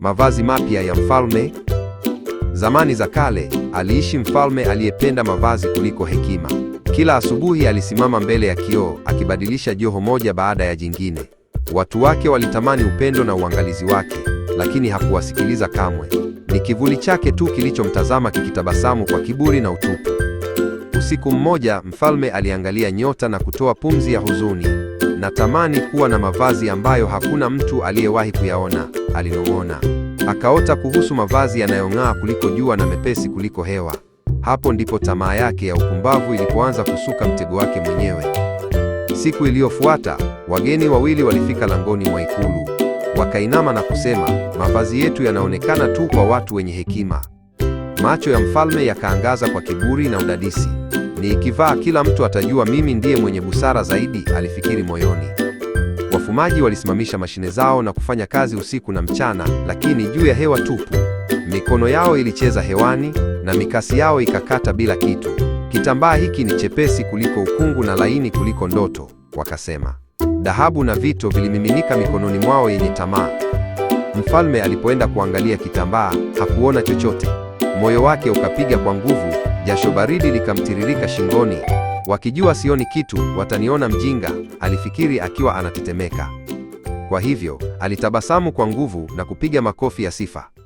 Mavazi mapya ya mfalme. Zamani za kale aliishi mfalme aliyependa mavazi kuliko hekima. Kila asubuhi alisimama mbele ya kioo akibadilisha joho moja baada ya jingine. Watu wake walitamani upendo na uangalizi wake, lakini hakuwasikiliza kamwe. Ni kivuli chake tu kilichomtazama kikitabasamu kwa kiburi na utupu. Usiku mmoja, mfalme aliangalia nyota na kutoa pumzi ya huzuni natamani kuwa na mavazi ambayo hakuna mtu aliyewahi kuyaona, alinong'ona. Akaota kuhusu mavazi yanayong'aa kuliko jua na mepesi kuliko hewa. Hapo ndipo tamaa yake ya upumbavu ilipoanza kusuka mtego wake mwenyewe. Siku iliyofuata, wageni wawili walifika langoni mwa ikulu. Wakainama na kusema, mavazi yetu yanaonekana tu kwa watu wenye hekima. Macho ya mfalme yakaangaza kwa kiburi na udadisi ikivaa kila mtu atajua mimi ndiye mwenye busara zaidi, alifikiri moyoni. Wafumaji walisimamisha mashine zao na kufanya kazi usiku na mchana, lakini juu ya hewa tupu. Mikono yao ilicheza hewani na mikasi yao ikakata bila kitu. Kitambaa hiki ni chepesi kuliko ukungu na laini kuliko ndoto, wakasema. Dhahabu na vito vilimiminika mikononi mwao yenye tamaa. Mfalme alipoenda kuangalia kitambaa hakuona chochote. Moyo wake ukapiga kwa nguvu, jasho baridi likamtiririka shingoni. Wakijua sioni kitu, wataniona mjinga, alifikiri akiwa anatetemeka. Kwa hivyo, alitabasamu kwa nguvu na kupiga makofi ya sifa.